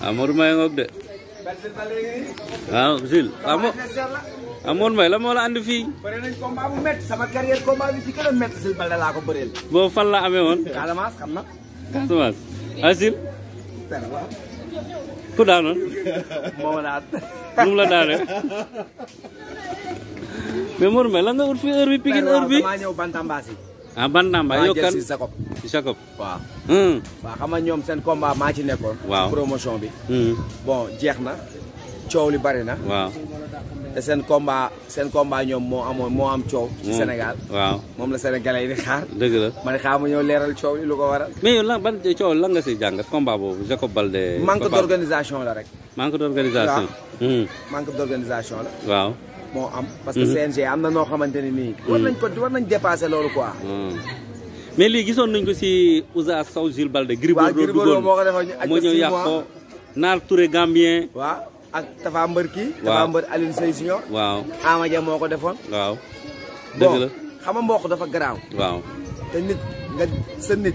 Amor may ngog de. Waaw Jules amoo amoon may la la andi fii. bëri nañ combat bu métti sama carrière combat bi ci gën a métti Jules Baldé ko bëreel. boobu fan la amee woon. Casamance xam na. Casamance ah Jules. ku daanoon. moom laa. nu mu la daanee. mais may la nga fi heure bi heure bi. ah Bantamba yow kan si Jacob Jacob waaw. Hmm. waaw ñoom seen combat maa ci nekkoon. waaw promotion bi. Hmm. jeex na coow li bari na. waaw te seen combat seen combat ñoom moo amoon moo am coow. ci hmm. Sénégal waaw moom la sénégalais yi di xaar. dëgg la man xaar mu ñëw leeral coow li lu ko waral. mais yow ban coow nga si jàngat combat boobu Jacob Baldé. manque d' organisation la rek. manque d' organisation. manque d' organisation la. waaw. moo am. parce que mhm. CNG am na noo xamante ne nii. war nañ ko mhm. war nañ dépassé loolu quoi. Mhm. mais lii gisoon nañ ko si Ousa Sow Jules Balde. Gris Bordeaux moo ko defoon moo ñëw yàq ko Naar Touré Gambien. waa ak Tafa Mbër kii. waaw Tafa Mbër Alioune Sèye Junior. waaw Ama Dia moo ko defoon. waaw dëgg la bon xam nga mboq dafa garaaw. waaw te nit nga sa nit.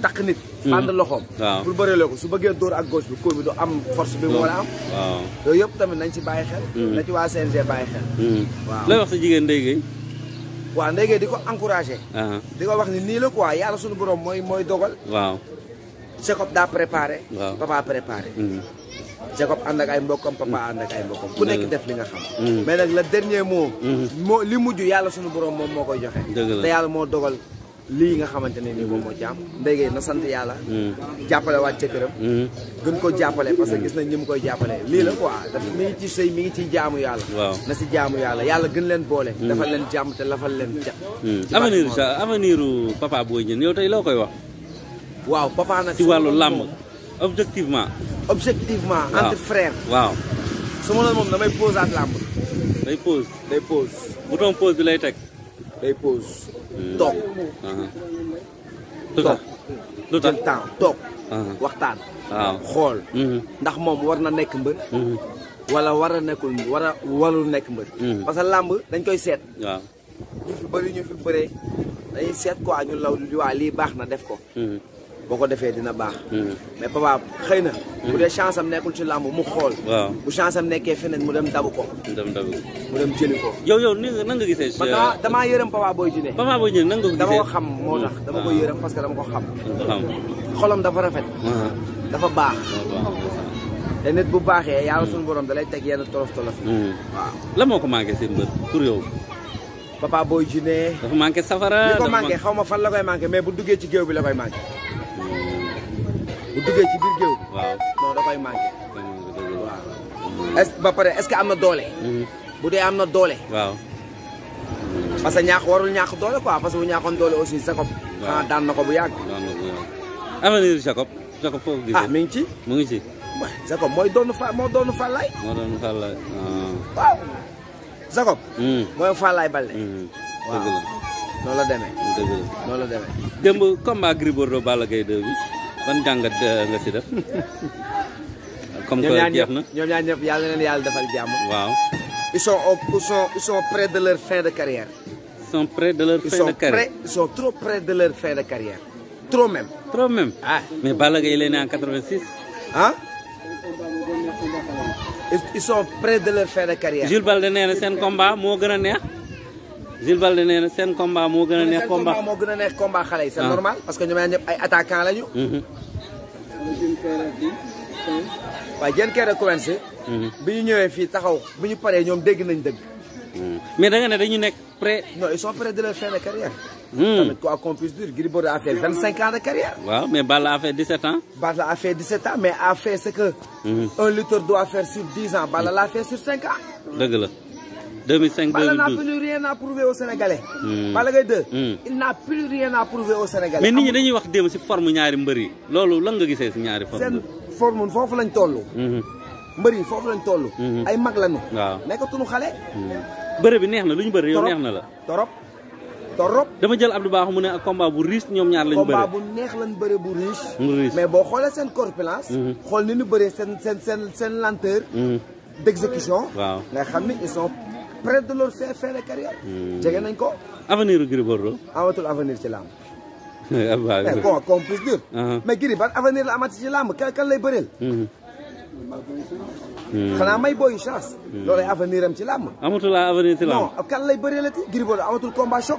takk nit. Hmm. ànd loxoom. waaw pour bëreeloo ko su bëggee dóor ak gauche bi coup bi du am force bi mu war am. yooyu yëpp tamit nañ ci bàyyi xel. Hmm. na ci waa CNG bàyyi xel. Hmm. waaw lay wax sa jigéen Ndeye Gueye. waaw Ndeye uh-huh. ko wax ni nii la quoi yàlla suñu borom mooy mooy dogal. waaw. Jacob daa préparé. waaw papa préparé. Jacob ànd ak ay mbokkam papa ànd ak ay mbokkam ku nekk def li nga xam mais nag le dernier moo li mujj yàlla suñu borom moom moo koy joxe te yàlla moo dogal lii nga xamante ne nii moom moo jàmm am ndéygee na sant yàlla hmm. jàppale waat jëkkëram hmm. gën koo jàppale parce que gis nañ ñi mu koy jàppale lii la ko daf mi ngi ci sëy mi ngi ciy jaamu yàlla waaw na si jaamu yàlla yàlla gën leen boole hmm. dafal leen jàmm te lafal leen cat avenir sa avenir papa Boy Djiné yow tey loo koy wax waaw papa nag ci wàllu làmb objectivement objectivement entre frères waaw su ma noonu moom damay pause làmb day pause day pause bouton pause bi lay teg day pause toog lu tax lu tax jël temps toog waxtaan waaw xool mhm. ndax moom war na nekk mbër mhm. wala war a nekkul war a warul nekk mbër mhm. parce que làmb dañ koy seet waaw ñu fi bëri ñu fi bëree dañuy seet quoi ñu law li waa def ko boo ko defee dina baax. Hmm. mais papa xëy na. Hmm. bu dee chance ne nekkul ci làmb mu xool. bu chance am nekkee feneen mu dem dabu ko. mu dem mu dem jëli ko. yow yow nan nga gisee. man damaa euh, damaa yërëm papa boo jine. papa booy nan nga ko gisee dama ko xam moo tax hmm. dama ko yërëm parce que dama ko xam. dafa rafet. dafa baax. te bu baaxee yàlla suñu borom da lay teg yen tolof tolof. waaw la moo ko manqué seen mbër pour yow. papa booy jine. dafa manqué safara dafa manqué li xaw ma fan la koy manqué mais bu duggee ci géew bi la koy manqué. bu duggee ci biir géew. waaw non da koy manqué. waaw. ba pare est-ce am na doole. Mm-hmm. bu dee am na doole. waaw. parce que ñaax warul ñaax doole quoi parce que ñaaxoon doole aussi Jacob. waaw daan na ko bu yàgg. daan na ko bu yàgg avenir Jacob. Jacob foofu gisee ah mi ngi ci. mu ngi ci. waaw Jacob mm. mooy doonu fa moo doonu Fallaye. moo mm-hmm. doonu Fallaye waaw. mooy Fallaye Baldé. waaw noonu la demee. dëgg la noonu la demee. démb combat Gris ban jàngat euh, nga si def. comme que jeex na ñoom ñaar ñëpp yàlla na leen yàlla defal jàmm. waaw. ils sont au ils sont ils sont près de leur fin de carrière. ils sont près de leur fin de carrière ils sont trop près de leur fin de carrière. trop même. trop même ah. mais Balla Gaye lay né en 86. Hein ils sont près de leur fin de carrière. Jules Baldé nee na seen combat moo gën a Jules de nee na seen combat mo gëna neex. combat mo gëna neex combat xale c'est ah. normal parce que ñoom ñoo ñëpp ay attaquant lañu. waaw jën kër a commencé. bi ñu ñëwee fii taxaw bi paré ñom dégg nañ dëgg. Mhm. mais da nga né dañu nekk prêt. non ils sont prêts de leur fin de carrière. Mhm. tamit quoi qu'on puisse dire Gribor a fait 25 ans de carrière. waaw mais Balla a fait 17 ans. Balla a fait 17 ans mais a fait ce que. Mhm. un lutteur doit faire sur 10 ans Balla l'a fait sur 5 ans. deug la. 2005 2012 Balla n'a plus rien hmm. hmm. n'a plus rien à prouver aux Sénégalais. mais nit ñi dañuy wax démb si forme ñaari mbër yi loolu lan nga gisee si ñaari forme seen forme foofu lañu tollu hmm. mbër yi foofu lañ toll. ay mag lañu. waaw nekkatuñu xale. bëre yi neex na lu ñu bëri yow neex na la. torop torop. dama jël Abdou baax mu ne ak combat bu riche ñoom ñaar lañ bëre. bu neex lañ bëre bu riche. mais boo xoolee seen corpulence. xool ni lu bëree seen seen seen seen lenteur. d'exécution. waaw nga xam ni ils près de leur fin a carrière. Hmm. jege nañ ko. avenir Gris Bordeaux. amatul avenir ci làmb. waaw ah, kon eh, ah. mais Gris ban avenir la amati ci làmb kan kan lay bëreel. Hmm. Hmm. xanaa may booyu chance. loolay avenir am ci làmb. amatul avenir ci làmb non kan lay bëreelati Gris Bordeaux amatul combat choc.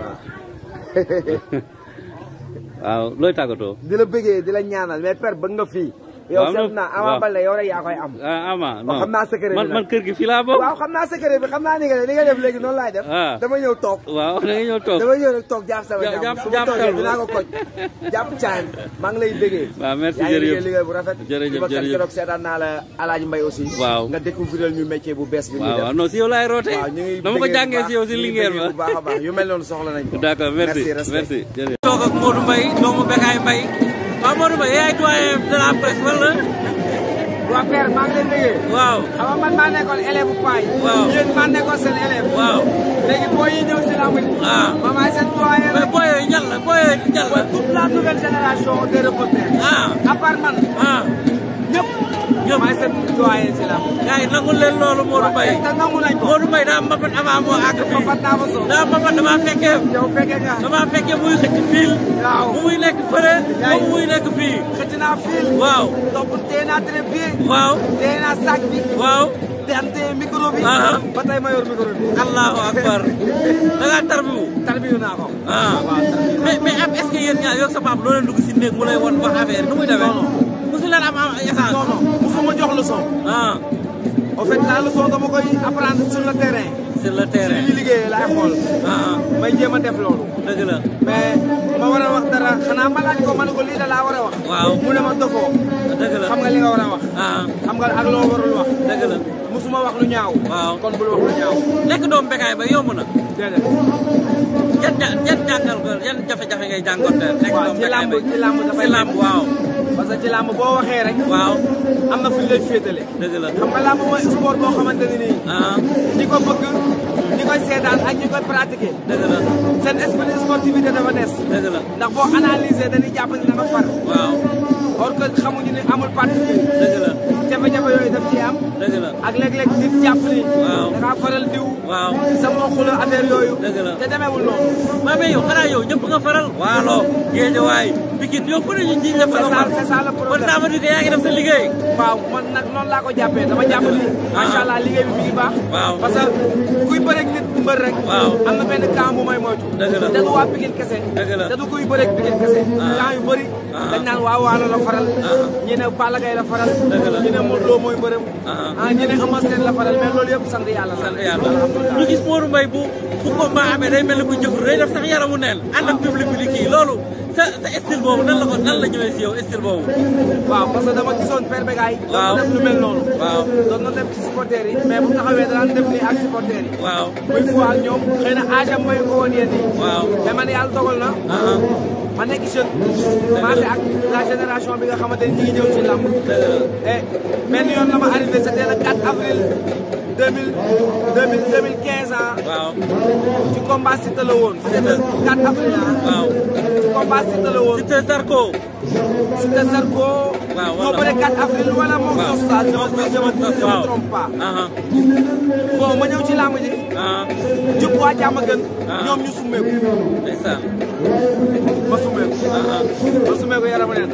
waaw looy tàggatoo. di la bëggee di la ñaanal mais père bëgg nga fii. yow seet naa Ama Baldé yow rek yaa koy am. Ah, ama non xam naa man kër gi fii laa bokk. waaw xam naa secret bi xam naa ni nga def li nga def léegi noonu ah. waaw da nga ñëw toog dama ñëw rek toog jàpp sama jàmm. jàpp jàpp toogee dinaa ko koj jàpp caan maa ngi lay déggee. waaw merci jërëjëf yaa ngi liggéey bu rafet. jërëjëf jërëjëf keroog seetaan naa la Alaaji Mbaye aussi. waaw nga découvrir ñu métier bu bees bi. waaw waaw non si yow laay rootee. waaw baax ñu ngi déggee bu baax a baax yu mel noonu soxla nañ Amadou Ba yaay doyen de la presse fan la. waa père maa ngi leen déggee. waaw xam nga man maa nekkoon élève Paye. waaw yéen maa nekkoon seen élève. waaw léegi booy yi si làmb ji. ma ah. maay seen doyen. mais booy yooyu ñan la booy yooyu ñan la. toute la nouvelle génération de reporters. ah à part man. ah. ñëpp ñoom leen loolu Modou Mbaye Modou Mbaye daa mbapat avant moo àgg fii daa mbapat dama fekkee dama fekkee muy xëcc fiil bu muy nekk fële bu nekk fii xëcc naa fiil waaw waaw waaw ante allahu akbar da nga tarbiwu tarbiwu naa ko mais mais ab est-ce que yéen ñaar yow sa pap loo leen dugg si néeg mu lay mosu leen am am échange. non non mosuma jox leçon. ah. en fait la leçon dama le terrain. sur le terrain si li liggéeyee laay ah, ah. a la mais ma war a wax dara xanaa ma ko ma ne ko da laa war a wax. waaw mu ne ma dofoo. dëgg xam nga li nga war wax. Ah, xam nga ak wax. dëgg la mosuma wax lu ñaaw. waaw kon bul wax lu ñaaw. nekk doom békaay ba yomb na. déedéet. yan ja yan jàngal yan jafe-jafe ngay jàngoon nekk doom békaay ba ci waaw. parce que ci làmb boo waxee rek. waaw am na fu ñu lay féetale. dëgg la xam nga làmb boo xamante ne nii. Ah. ñi ko bëgg ñi koy seetaan ak ñi koy pratiquer. dëgg la seen esprit sportivité dafa des. dëgg la ndax boo analyser dañuy jàpp ne dafa far. waaw or que xamuñu ne amul particulier. dëgg la. jafe-jafe yooyu daf ci am. dëgg la ak léeg-léeg nit jàpp ni. waaw da ngaa faral diw. waaw sa mbokk la affaire yooyu. dëgg la te demeewul noonu. waaw mais yow xanaa yow ñëpp nga faral. waalo Géejawaay Pikine yow fu ne ñu jiñ la fa. c'est ça le problème kon ça veut dire que yaa ngi def sa liggéey. waaw man nag noonu laa ko jàppee dama jàpp ni. Ah. macha allah liggéey bi mi ngi baax. waaw parce que mbër rek. waaw am na benn camp bu may moytu. dëgg la te du waa Pikine kese. dëgg la te du kuy bëreeg Pikine kese. camp ah. yu bëri. Ah. dañ naan waaw la faral. Ah. ñi ne la faral. dëgg la ñi ne Modou Lo mooy la faral mais loolu yëpp sant la. sant yàlla ñu gis bu. bu combat amee day mel ni ku jëfru day def sax yaramu neen ànd ak public bi kii loolu sa sa style boobu nan la ko nan la ñëwee si yow style boobu. waaw parce que dama gisoon Père Bécaye. waaw def lu mel noonu. waaw doon na dem ci supporters yi. mais bu taxawee da daan def nii ak supporters yi. waaw muy foo ak ñoom xëy na âge am mooy ko woon yéen yi. waaw mais man yàlla dogal na. ma nekk jeune. maase ak la génération bi nga xamante ni ñu ngi ñëw ci làmb. benn yoon la ma arrivé c'était le 4 avril 2000 2015. waaw ci combat Siteu la woon. ci combat Siteu la woon. Siteu Zarko. Siteu Zarko. waaw moo bëre 4 avril wala moom. waaw ah, ah. ci làmb ji. Ah. jub ñoom ñu summeeku. ma summeeku. ma summeeku yaram leen.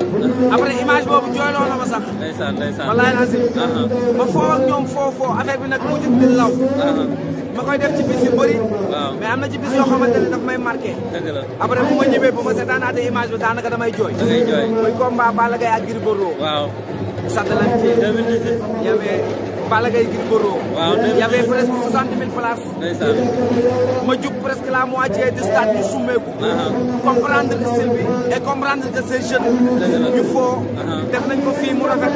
après image boobu jooyloo na ma sax. ndeysaan ndeysaan. walaay si. ma foo ñoom foo foo affaire bi nag mu jub ma koy def ci bis yu bëri. am na ci bis yoo xamante ne daf may marqué. dëgg la après bu ma ñëwee bu ma seetaanaatee image bi damay jooy. da ngay jooy muy combat Balla Gaye ak Gris Bordeaux. waaw sant nañ ci. 2017 y avait Balla Gaye Gris Bordeaux. waaw 2017 y avait ma jug presque la moitié du stade ñu summeeku. Uh-huh. comprendre style bi et comprendre que ces jeunes. ñu foo. Uh-huh. def nañ ko fii mu rafet.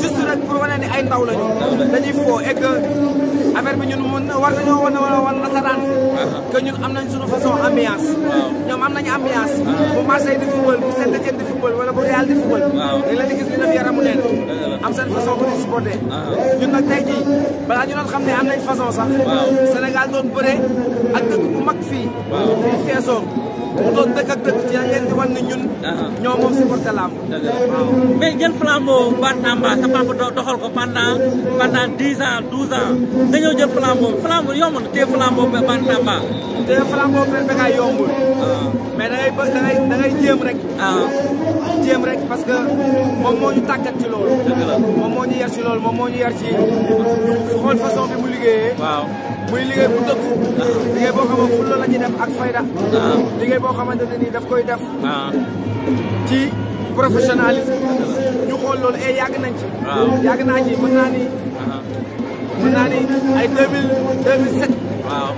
juste rek pour wane ni ay ndaw lañu. dañuy foo et que affaire bi ñun mun war nañoo wan wan nasaraan que am nañ suñu façon ambiance. ñoom am nañu ambiance. bu Marseille di football bu Saint-Étienne di football wala bu Real di football. waaw dañ leen di gis ñu def yaramu neen. am seen façon bu di supporté. ñun nag tey jii balaa ñu xam ne am nañ façon sax. Sénégal doon bëre ak dëkk bu mag fii. waaw fii mu doon dëkk ak dëkk ci la ngeen di wan ne ñun. Ah, ah. ñoo moom supporté làmb. waaw mais jël flambeau Bantamba sa papa doxal ko pendant pendant dix ans douze ans nga ñëw jël flambeau flambeau yomb na téye flambeau Bantamba. téye flambeau PPK yombul. Ah. mais da ngay da ngay jéem rek parce que moom moo ñu tàggat ci loolu. moom moo ñu yar ci loolu moom moo ñu yar ci xool façon bi mu liggéeyee. waaw muy liggéey bu dëgg. Ah. liggéey boo xamante fulla la ñuy def ak fayda. Ah. liggéey boo xamante ne nii daf koy def. Ah. ci professionnalisme. ñu xool loolu et eh, yàgg nañ ci. waaw yàgg naa ci mën naa ni. mën naa ni ay deux mille deux mille sept. waaw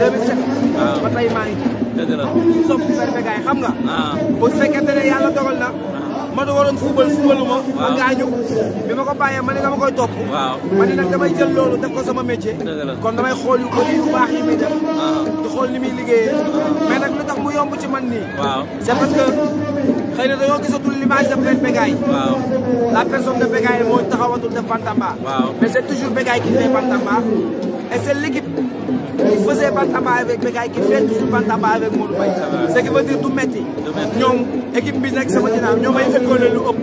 deux mille sept. waaw ba tey maa ngi ci. dëgg la sopp perpégaay xam nga. Ah. bu fekkente ne yàlla dogal na. Ah. ma du waroon fubal fubaluma. waaw ma gaañu. bi ma ko bàyyee ma ne dama koy topp. waaw ma ne nag damay jël loolu def ko sama métier. kon damay xool yu bëri yu baax yi muy def. Ah. di xool ni muy liggéeyee. mais nag lu tax mu yomb ci man nii. waaw c'est parce que xëy na dañoo gisatul l'image de perpégaay. waaw la personne de Bégaay moo taxawatul def Bantamba. waaw mais c'est toujours Bégaay qui fait Bantamba et c'est qui faisait Bantamba avec Bécaye qui fait toujours Bantamba avec Modou Mbaye ce qui veut dire du métti ñoom équipe bi nekk sama ginnaaw ñoom ay école lu ëpp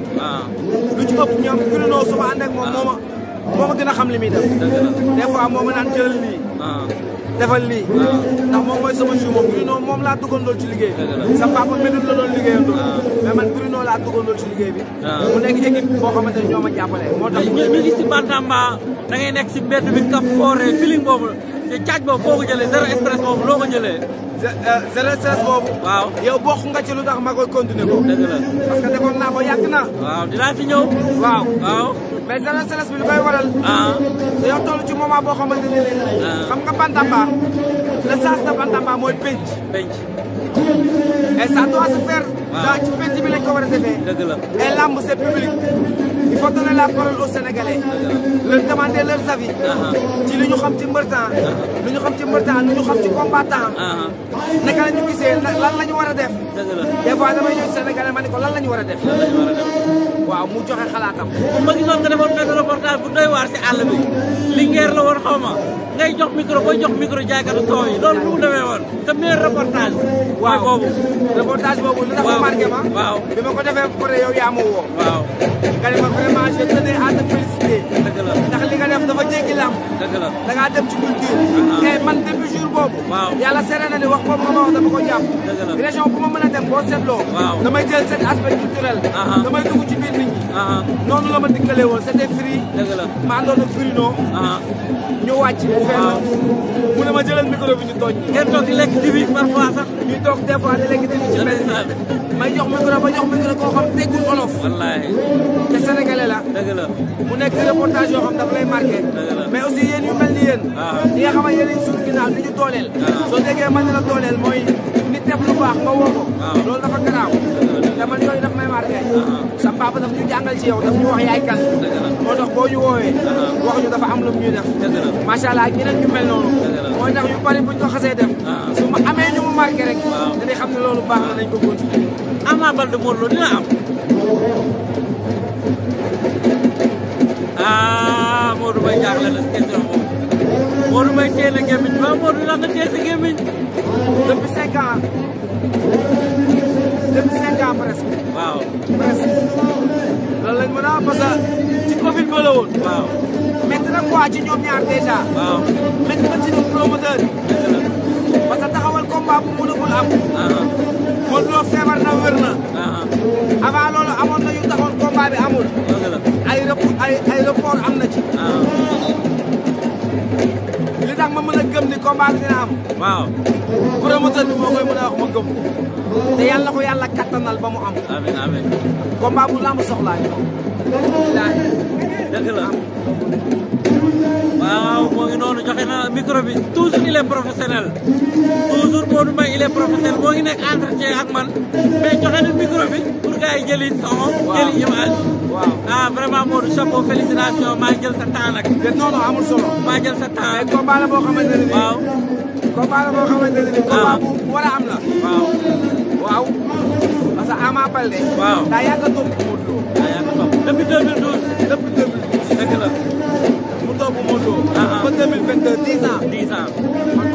lu ci ëpp ñoom kulinoo suma ànd ak moom moo ma moo ma gën a xam li muy def des fois moo ma naan jëlal lii defal lii ndax moom mooy sama juma Bruno moom laa duggandool ci liggéey bi sa papa médul la doon liggéeyandool mais man Bruno laa duggandool ci liggéey bi mu nekk équipe boo xamante ne ñoo moo tax ñu ngi si Bantamba da ngay si mbedd bi kaf foore feeling càcc boobu foo ko jëlee zéro stress boobu loo ko jëlee. zéro stress boobu. waaw yow bokk nga ci lu tax ma koy continuer ko. dëgg la parce que defoon naa ko yàgg naa. waaw dinaa fi ñëw. waaw waaw. mais zéro stress bi lu koy waral. ah. dañoo toll ci moment boo ah. xamante ne nii. xam nga bantamba. le sens de bantamba se faire. donc ci penc bi ko war a defee. la et lamb c'est public. il faut donner la parole aux Sénégalais. leur demander leurs avis. Uh-huh. ci li ñu xam ci mbërtaan. Uh-huh. lu ñu xam ci mbërtaan lu ñu xam ci combattant. Uh-huh. naka la ñu gisee lan la ñu war a def. dëgg la des fois damay ñëw Sénégalais ma ne ko lan la a def. war a def. waaw mu joxe xalaatam. ma gisoon nga defoon benn reportage bu doy waar si àll bi. Linguère la woon xaw ma ngay jox micro booy jox micro jaaykatu soow yi loolu bu mu demee woon. te meilleur reportage. waaw boobu reportage remarqué ma. waaw bi ma ko defee ba pare yow yaa ma woo. waaw nga ne ma vraiment je tenais à te def dafa jéggi làmb. dëgg la da ngaa dem ci culture. Ah. tey man depuis jour boobu. waaw yàlla seere na ni wax boobu nga ma wax dama ko jàpp. dëgg la région bu ma mën a dem boo seetloo. waaw damay jël seen aspect culturel. Ah, ah. damay dugg ci biir nit ñi. noonu la ma dikkalee woon c'était free. dëgg la ma àndoon ak Bruno. ñu wàcc fenn. mu ne ma jëlal micro bi ñu tooñ. ngeen toog lekk ji bi parfois sax. ñuy toog des fois di lekk ji bi ci mel ni. may jox micro ba jox micro koo xam teggul olof. wallaahi te sénégalais la. dëgg la mu nekk reportage yoo xam dafa lay marqué. ngeen mais aussi yéen yu mel ni yéen ñi nga xam ne yéen suñu ginnaaw di ñu dooleel soo déggee mën na la dooleel mooy nit def lu baax nga woo ko loolu dafa garaaw te man yooyu may marqué sa papa daf ñu jàngal ci yow daf ñu wax yaay kan moo tax boo ñu woowee wax ñu dafa am lu ñuy def macha allah ak ñeneen ñu mel noonu mooy tax yu bari buñ ko xasee def su ma amee ñu mu marqué rek dañuy xam ne loolu baax na nañ ko continuer Ama am ah. Modou Mbaye jaaxle la si question boobu Modou Mbaye téye na gémmiñ waaw Modou lan la téye si gémmiñ depuis cinq ans depuis cinq ans presque. waaw presque a ci Covid ba la woon. waaw métti na quoi ñaar déjà. waaw métti na ci ñoom promoteur yi. parce que taxawal combat bu ah. na wér na. Ah. avant loolu amoon na combat amul. ay ay ay am na ci. Ah. li tax ma mën a gëm ni combat bi dina am. waaw. promoteur bi moo koy mën a wax ma gëm ko. te yàlla ko yàlla kattanal ba mu am. amiin amiin. combat bu lamb soxlaa ñu ko. dëgg la. waaw moo ngi noonu joxe na micro bi toujours il est professionnel toujours moo ngi nekk entretien ak man mais joxe na micro bi pour jëli son jëli image ah vraiment Modou chapeau maa jël sa temps nag amul solo maa jël sa waaw ah. waaw waaw parce que Ama waaw daa yàgg a topp Modou Lo daa yàgg a topp depuis 2012 depuis 2012 dëgg Modou Lo. Ah, ah. ba 2022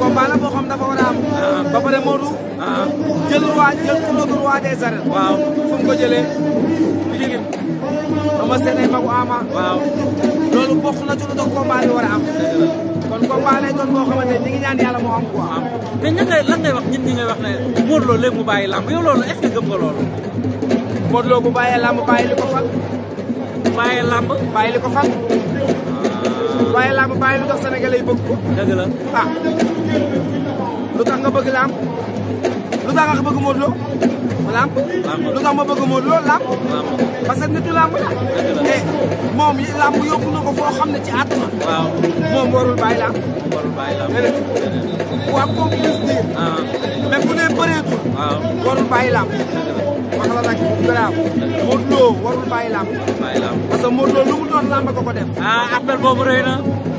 boo xam dafa war a am. Ah, ba pare Modou. jël roi jël couronne roi des arènes. waaw fu mu ko jëlee. Pikine. ama seen ay magu ama. waaw loolu a am. kon combat lay doon boo xamante ni ñu ngi ñaan yàlla moo am quoi. am mais ña ngay lan ngay wax ñun ñi ngay wax ne Modou Lo léegi mu bàyyi làmb yow li ko fal. bàyyi làmb bàyyi li ko waaye làmb bàyyi lu tax bëgg ko. dëgg ah. lu tax bëgg làmb lu lu tax bëgg Modou Lo làmb parce la te eh, moom yi làmb yóbbu na foo xam ne ci àdduna moom warul bàyyi làmb warul bàyyi làmb déedéet waaw comme plus dire mais ku ne bëreetul wax la nag garaaw Modou Lo warul bàyyi làmb parce que Modou Lo lu mu doon làmb ko ko def ah appel boobu rëy na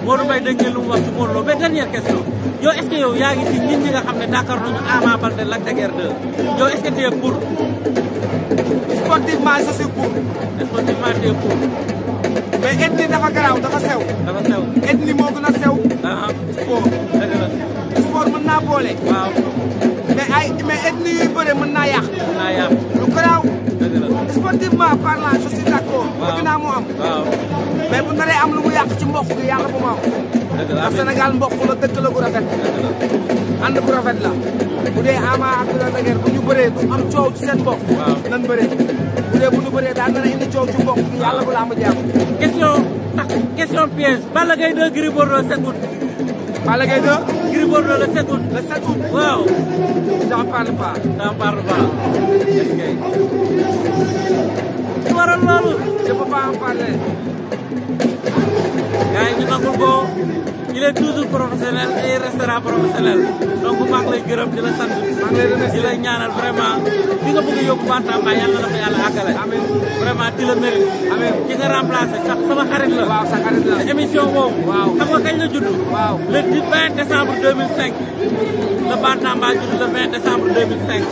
Modou Mbaye dégg ngeen lu mu wax ci Modou Lo mais dernière question yow est que yow yaa ngi ci nit ñi nga xam ne d'accord nañu Ama Baldé Lac de Guiers 2 yow est-ce que tu es pour sportivement je suis pour sportivement tu es pour dafa garaaw dafa sew dafa sew moo gën a sew ah, ah. sport sport mën naa boole waaw mais ay mais ethnie yuy bëre mën naa lu garaaw. sportivement parlant je suis d' accord. waaw bëgg am. mais bu naree am lu mu yàq ci mboq gi yàlla bu mu am. dëgg Sénégal mboq la dëkk la bu rafet. ànd bu rafet la. bu dee Ama ak Lac bu ñu am coow ci seen nan bëree. bu dee bu ñu bëree daal dana coow ci mboq gi yàlla bu la am jàmm. question question piège Balla Gaye 2 Gris Bordeaux setul. Balla Gaye 2. Gris Bordeaux le 7 août. le 7 août waaw. j'en parle pas. j'en parle pas. est-ce que. li waral loolu. je peux il est toujours professionnel et eh, restera professionnel donc maa ngi lay gërëm di la sant. maa ngi lay di la ñaanal vraiment ki nga bëgg a yóbbu Bantamba yàlla na ko yàlla àggale. amiin vraiment di la mérite. amiin ki nga remplacé sax sama xarit la. waaw sa xarit la émission boobu. waaw xam nga kañ la judd. waaw le 20 décembre 2005 la le 20 décembre 2005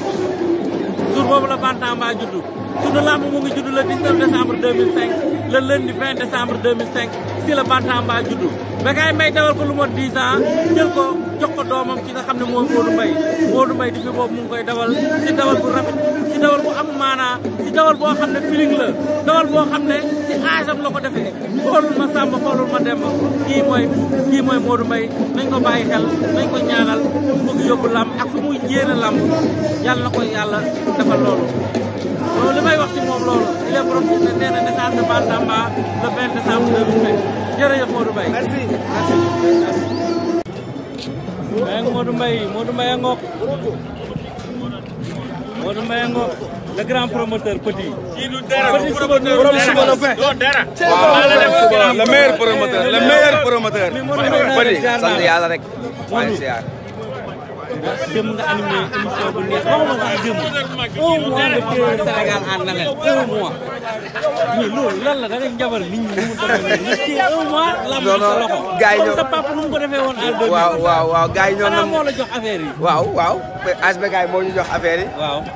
jour la lamb ngi le 19 décembre 2005. le lundi 20 décembre 2005 si la Bantamba juddu Bécaye Mbaye dawal ko lu mot 10 ans jël ko jox ko doomam ki nga xam ne mooy Modou Mbaye Modou Mbaye depuis boobu mu koy dawal si dawal bu rafet si dawal bu am maanaa si dawal boo xam ne feeling la dawal boo xam ne si âge am la ko defee xoolul ma Samba xoolul ma Demba kii mooy kii mooy Modou Mbaye nañ ko bàyyi xel nañ ko ñaanal bëgg yóbbu lamb ak fu muy jéem a lamb yàlla ko yàlla defal loolu loolu il est profité nee na message de Bal Tamba le 20 décembre 2005 jërëjëf Modou Mbaye. merci merci merci. waaye Modou Mbaye Modou Mbaye Ngok Modou Mbaye Ngok le grand promoteur petit. kii du dara petit promoteur dara. le meilleur promoteur le meilleur promoteur. sant yàlla rek. dem nga animé la da ngay jabal nit ñi mu demee nga téye un yi waaw waaw waaw ñoo moo ñu jox affaire yi.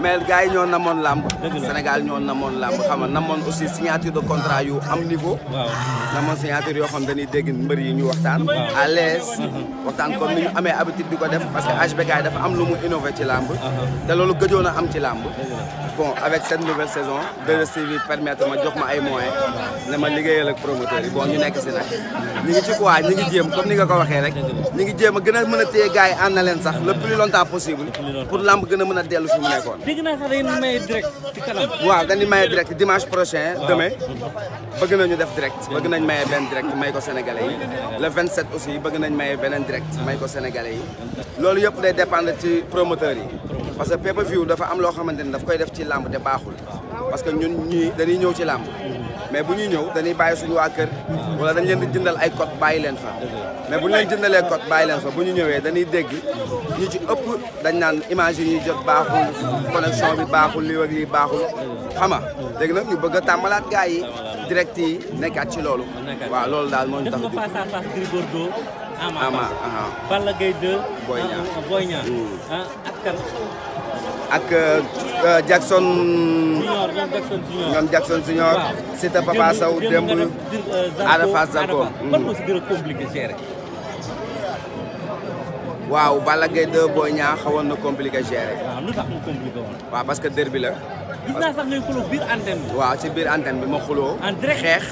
mais gars yi ñoo namoon làmb. Sénégal ñoo namoon làmb xam nga namoon aussi signature de contrat yu am niveau. namoon signature yoo xam dégg mbër yi ñu waxtaan. à mm-hmm. waxtaan comme ni amee habitude di ko def parce que HBK Ndiaye dafa am lu mu innové ci làmb uh-huh. te loolu gëjoon a am ci làmb bon avec cette nouvelle saison 2STV permettre ma jox ma ay moyens ne ma liggéeyal ak promoteur. yi bon ñu nekk si nag ñu ngi ci quoi ñu ngi jéem comme ni nga ko waxee rek ñu ngi jéem a gën a mën a sax le plus longtemps possible pour lamb gën a mën a dellu fi mu nekkoon dégg naa sax dañu maye direct ci kanam waaw dañuy maye direct dimanche prochain demain bëgg nañu def direct bëgg nañ maye benn direct may ko sénégalais yi le 27 aussi bëgg nañ maye beneen direct may ko sénégalais yi lolu yëpp day dépendre ci promoteur yi parce que pay-per-view dafa am loo xamante ni daf koy def ci làmb te baaxul parce que ñun ñii dañuy ñëw ci làmb mais bu ñuy ñëw dañuy bàyyi suñu waa kër wala dañ leen di jëndal ay code bàyyi leen fa mais bu ñu leen jëndalee code bàyyi leen fa bu ñu ñëwee dañuy dégg ñi ci ëpp dañ naan image yi ñuy jot baaxul connexion bi baaxul lii ak lii baaxul xam nga léegi nag ñu bëgg a tàmbalaat gars yi direct yi nekkaat ci loolu waaw loolu daal moo ñu tax Ama ama Balla Gaye 2 Boy Niang ak Jackson. Euh, ñoom euh, Jackson Junior. Siteu Papa Sow démb. Ada Fass Zarko. ban waaw Balla Gaye 2 Boy Niang xawoon na compliqué gérer. waaw parce que derby la. biir antenne bi. waaw ci biir antenne bi ma xuloo. xeex.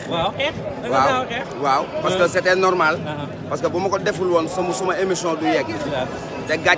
waaw parce que euh. c'était normal. Ah, ah. parce que bu ma ko deful woon sama suma émission du yegg. te gàj.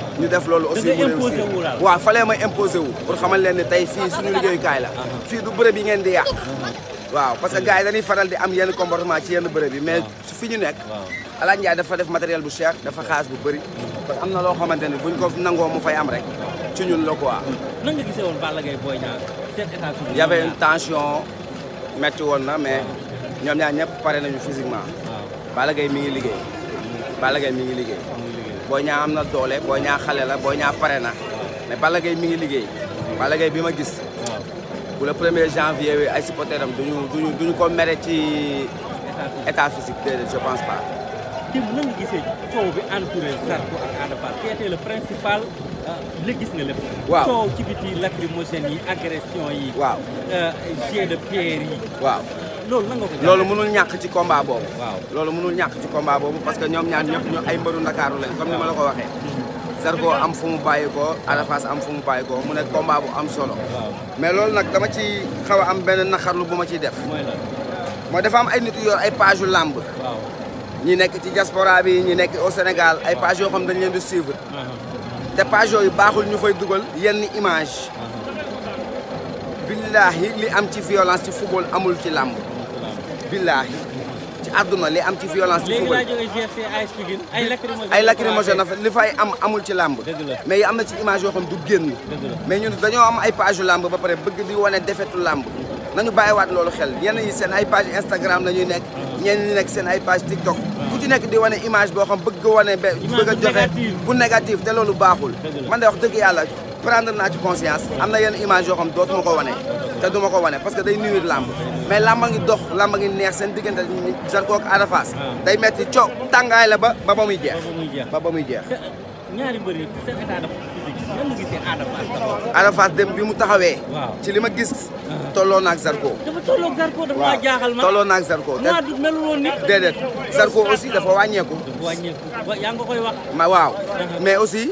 ñu def loolu aussi mu réussir wa falee may imposé wu pour xamal leen ni tay fi suñu kay la fi du bërëb yi ngeen di yaa waaw parce que gars dañuy faral di am yenn comportement ci yenn bërëb yi mais su fi ñu nekk Alane Ndiaye dafa def matériel bu cher dafa xaas bu bëri parce que am na loo xamante ne buñ ko nangoo mu fay am rek ci ñun la quoi nan nga gisee woon Bala Gaye Boy Niang seen état y avait une tension métti woon na mais ñoom ñaar ñëpp pare nañu physiquement Bala Gaye mi ngi liggéey Bala Gaye mi ngi liggéey Boy Niang am na doole Boy Niang xale la Boy Niang pare na mais Balla Gaye mi ngi liggéey Balla Gaye bi ma gis bu le premier janvier wi ay supporteram duñu duñu duñu ko mere ci état physique déedéet je pense pas démb na nga gisee coow bi entouré Zarko ak Ada Fass qui était le principal euh, li gis nga lépp waaw coow ci biti lacrymogène yi agression yi waaw euh, jet de pierre yi waaw loolu mënul ñàkk ci combat boobu loolu mënul ñàkk ci combat boobu parce que ñoom ñaan ñëpp ñu ay mbëru ndakaaru lañ comme ni ma la ko waxee Zarko am fu mu bàyyi ko am fu mu bàyyi ko mu ne combat bu am solo mais loolu nag dama ci xaw am benn naxarlu bu ma ciy def moo dafa ay nit yu ay page yu làmb ñi nekk ci diaspora bi ñi nekk au Sénégal ay page yoo xam dañ leen di suivre uh-huh. te page yooyu baaxul ñu fay dugal yenn image uh-huh. billaahi li am ci violence ci football amul ci làmb billaahi ci àdduna li am ci violence ci football ay lacrymogène na fa li fay am amul ci làmb mais yi am na ci image yoo xam du génn mais ñun dañoo am ay page làmb ba pare bëgg di wane defetu làmb nañu bàyyiwaat loolu xel yenn yi seen ay page Instagram la ñuy nekk ñenn ñi nekk seen ay page TikTok ku ci nekk di wane image boo xam bëgg wane be bëgg a joxe bu négatif te loolu baaxul man de wax dëgg yàlla prendre na ci conscience amna na image yo xam dootuma ko wone te duma ko wone parce que day nuire lamb mais lamb ngi dox lamb ngi neex seen sen Zarko ak Ada ah. day metti coow tangay la ba ba bamuy jeex ba bamuy jeex ñaari mbër sen état dafa physique Ada Ada dem bi mu taxawee ci li gis ah. Zarko dafa tolloo Zarko dafa jaaxal ma tolloo Zarko maa du melul nit Zarko aussi dafa wàññeeku wàññeeku yaa nga koy wax ma waaw ah. mais aussi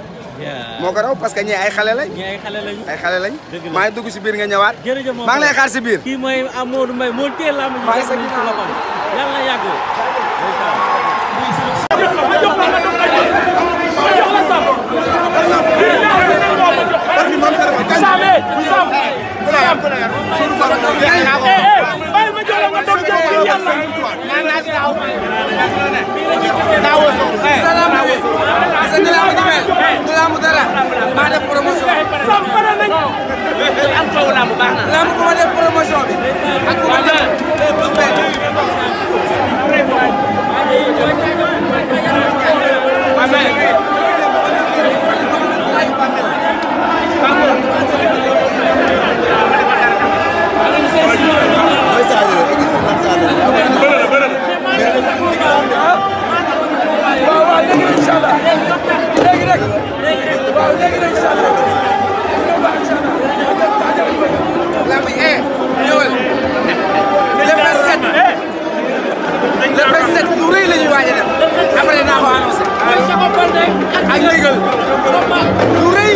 Mau ko raw parce que ñii ay xale lañ. ñii ay xale lañ ay xale lañ. maa ngi dugg si biir nga ñëwaat. jërëjëf maa ngi lay xaar si biir. kii mooy Modou Mbaye moo téye làmb ji. maa ngi sëñ yàlla na yàgg. Sabe, sabe. Sabe, sabe. lamb bu ma def promotion bi ak bu ma def incha allah léegi rek waaw léegi rek incha allah dina baax incha allah laa bi eh ñëwal le 27 le 27 lu rëy la ñuy waaj a def après naa ko annoncé ak ndigal lu rëy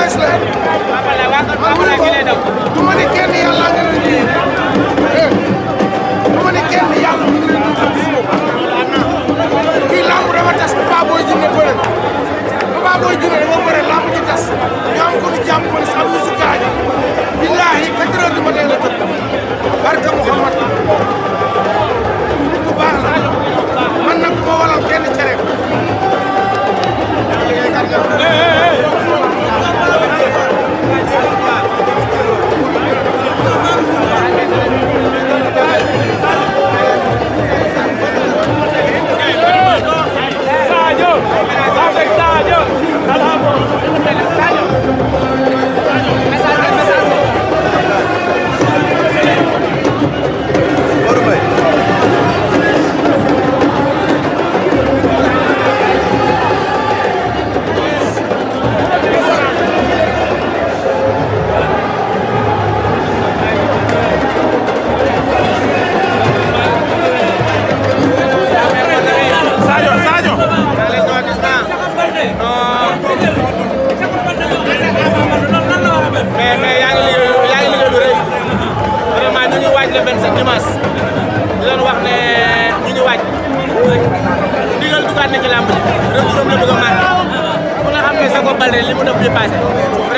nice la amuñu ko du ma ne kenn yàlla nga leen di du ma ne kenn yàlla mu ngi leen di gis moom kii làmb dafa tas Papa Boy Djiné bëre Papa Boy Djiné dafa bëre làmb ci tas ñu am ko lu jàmm police am ñu si gaañ billaahi quatre heures du matin la tëdd barka Muhammad ku baax la man nag ma waral kenn cere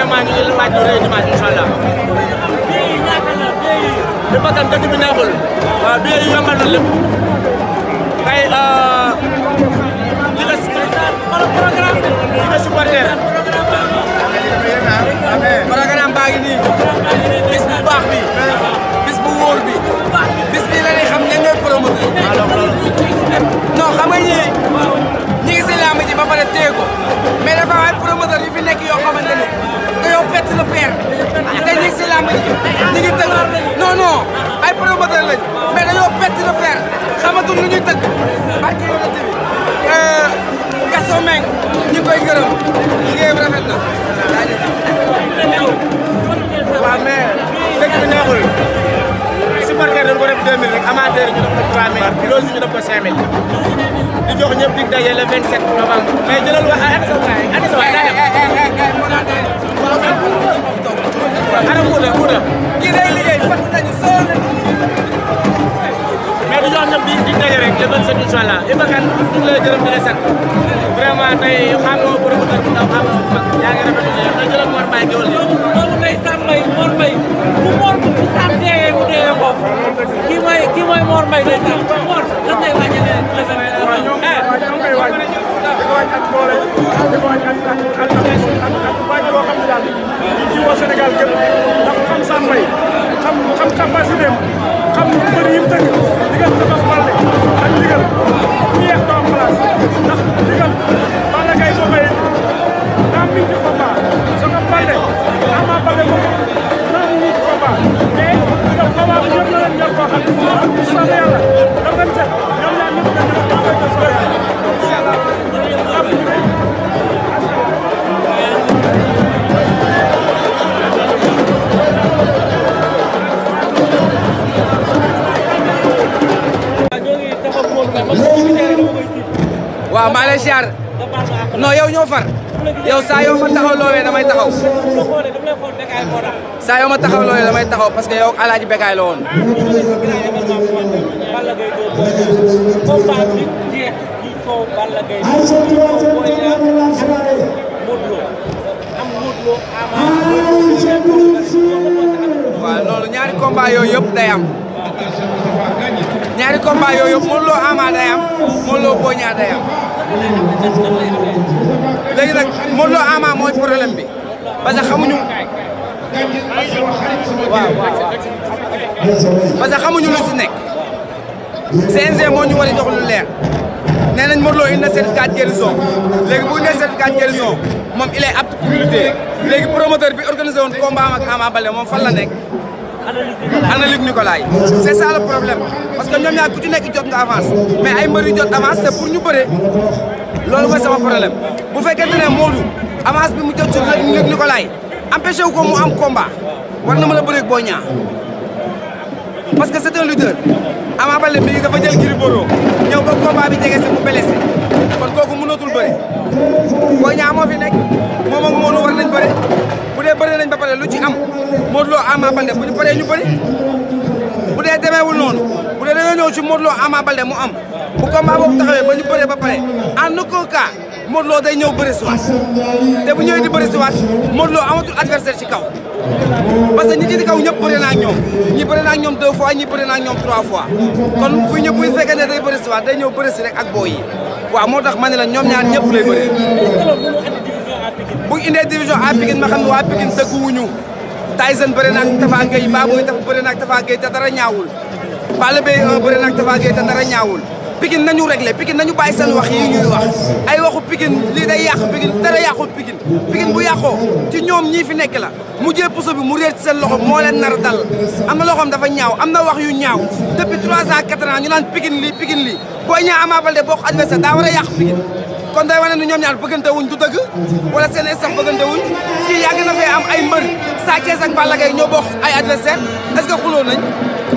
vraiment ñu ngi waaj lu rëy dimanche incha allah. li ma gën dëkk bi neexul. waaw biir yi yombal na lépp. tey li nga programme li nga supporter. programme baa ngi nii. mettre le paire tey ñu ngi si làmb ñu ngi tëgg non non ay promoteur lañ mais dañoo mettre le paire xamatul lu ñuy tëgg parce que yow la tamit Gaston Mbengue ñu ngi koy gërëm liggéeyam rafet na jaajëf. waaw mais dëkk bi neexul supporter dañ ko def 2000 rek amateur ñu def ko 3000 loolu ñu def ko 5000 di jox ñëpp dig daje le 27 novembre mais jëlal wax ak sa waay ak sa waay ana Mouta Mouta. kii day liggéey fàttali nañu soo leen. mais du ñu wax ñoom di di daje rek le 27 incha allah Iba Kane ñu ngi lay gërëm di la sant vraiment tey xam nga bu rafetlu ak ndaw xam nga bu mag yaa ngi rafetlu ñu ne jëloon Mor Mbaye gëwal. loolu loolu day Sam Mbaye Mor Mbaye bu Mor bu bu Sam deewee mu deewee ko kii mooy kii mooy Mor Mbaye day Sam Mor lan lay wàññi ne la sa waañ ak doole di waañ ak ak ak ak ak waañ boo xam ne daal ñu ci woo Sénégal gépp ndax xam Sam Mbaye xam xam capacité am xam mbër yi mu tëgg digal sa bas Baldé ak digal bu yeex doo am place ndax digal Balla Gaye boo koy naam mi ci combat sa ko Baldé Ama Baldé ko naam mi ci combat mais digal combat bi ñor na leen ñor koo xam ne sant yàlla daf leen set waaw maa lay siyaar non yow ñoo far yow saa yoo ma taxaw loowee damay taxaw saa yoo ma taxaw loowee damay taxaw parce que yow alaaji bekaay Balla Gaye ko Balla ñaari combat yooyu yëpp day am ñaari combat yooyu yëpp Modou Lo mooy problème bi parce que xamuñu waaw waaw nekk CNG moo ñu war a jox lu leer nee nañ Modou Lo indi na certificat de guérison léegi bu indee certificat de guérison moom il est apte pour lutter bi organisé woon combat ak Ama Baldé moom fan la nekk. analyse Nicolas yi c'est ça le problème parce que ñoom ñaar ku ci nekk jot nga avance ay mbër yu jot avance c'est pour ñu bëre loolu mooy sama problème bu fekkente ne Modou avance bi mu jot ci Luc Nicolas yi empêché wu ko mu am combat war na mën a bëreeg parce que c'est un lutteur Ama Baldé mi dafa jël Gris Bordeaux ñëw ba combat bi jege si mu blessé kon kooku mënatul bëri Boy Niang moo fi nekk moom ak Modou war nañ bëri bu dee bëri nañ ba pare am Modou Lo Ama Baldé bu ñu paree ñu bëri bu dee demeewul noonu bu dee dañoo ñëw ci Modou Lo Ama Baldé mu am bu combat boobu taxawee ba ñu bëree ba pare en aucun cas Modou loo day ñëw bëre si waat te bu ñëwee di bëre si waat Modou Lo amatul adversaire ci kaw parce ñi ci di kaw ñëpp bëri na ak ñi bëri na ak ñoom deux fois ñi bëri na ak ñoom trois fois kon bu ñëpp bu fekkee ne day bëre si rek ak booy yi moo tax ma ne la ñoom ñaar ñëpp lay bëri bu indee division à Pikine ma xam ne waa Pikine dëkkuwuñu Tyson bëri na ak Tafa Gueye Baboy Tafa bëri na ak Tafa Gueye te dara ñaawul Balla Beye 1 bëri na ak Tafa Gueye te dara ñaawul Pikine nañu réglé Pikine nañu bàyyi seen wax yi ñuy wax ay waxu Pikine lii day yàq Pikine dara yàqul Pikine Pikine bu yàqoo ci ñoom ñii fi nekk la mu puso bi mu réer seen loxo moo leen nar a dal am na loxoom dafa ñaaw am na wax yu ñaaw depuis trois ans quatre ans ñu naan Pikine lii Pikine lii booy ñaa Ama Baldé bokk adversaire daa war a yàq Pikine kon day wane ni ñoom ñaar bëggante wuñ du dëgg wala seen staff bëggante wuñ fii yàgg na am ay mbër Sa Thiès ak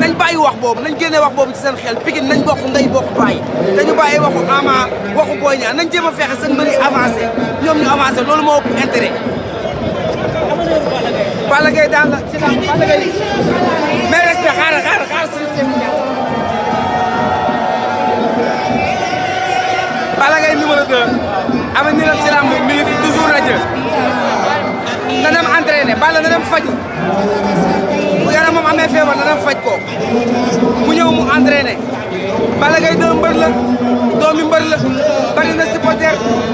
nañ bàyyi wax boobu nañ génnee wax boobu ci seen xel Pikine nañ bokk ndey bokk bàyyi dañu bàyyi waxu Ama waxu Boy Niang nañ jéem a fexe seen mbir yi avancé ñoom ñu avancé loolu moo ëpp intérêt Balla Gaye daal la ci daal Balla Gaye mais respect xaaral xaaral xaaral si Balla Gaye numéro 2 ama ni lam ci làmb mi ngi fi toujours rajo na dem entraîné Balla na dem faju bu yaramam amee feebar dana faj ko mu ñëw mu entraîné Balla Gaye doo mbër la doomi mbër la bari na supporter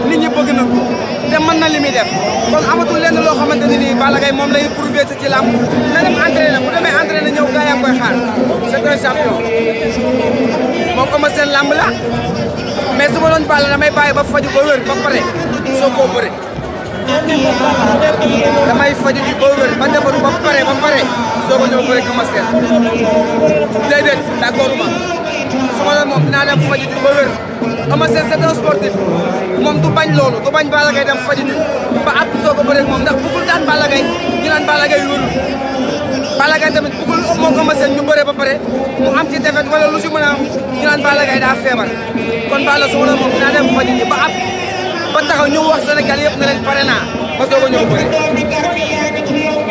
nit na ko te li muy def kon amatul lenn loo xamante ne nii Balla moom lay prouver ci làmb na dem entraîné bu demee entraîné ñëw gaa yaa koy xaar c'est un champion ko ma seen làmb la mais su ma doon ba faju ba wér ba pare soo koo bëre damay faju ji ba wér ba defaru ba pare ba pare soo ko ñëw bëri commencé déedéet d' accord ma su ma la moom dinaa dem faju ji ba ama seen c'est un sportif moom du bañ loolu du bañ bala Gaye dem faju ji ba at soo ko bëri moom ndax bëggul daan Balla Gaye ñu naan Balla Gaye wérul bala Gaye tamit bëggul moo ko maseen ñu bëre ba pare mu am ci defet wala lu si mën ñu naan Balla Gaye daa feebar kon bala su ma la moom dinaa dem faju ji ba at ba taxaw ñu wax Sénégal yëpp ne leen pare naa ma soog a ñëw bëri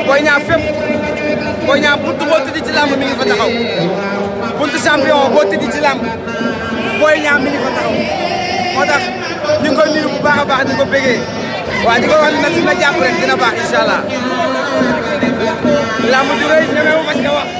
Boy Niang fépp Boy Niang buntu boo tëddi ci làmb mi ngi fa taxaw buntu champion boo tëddi ci làmb Boy Niang mi ngi fa taxaw moo tax ñu ngi bu baax a baax di ko bégee waaw di ko wax ne nag baax incha allah làmb ju rëy ñemewu ma ci wax.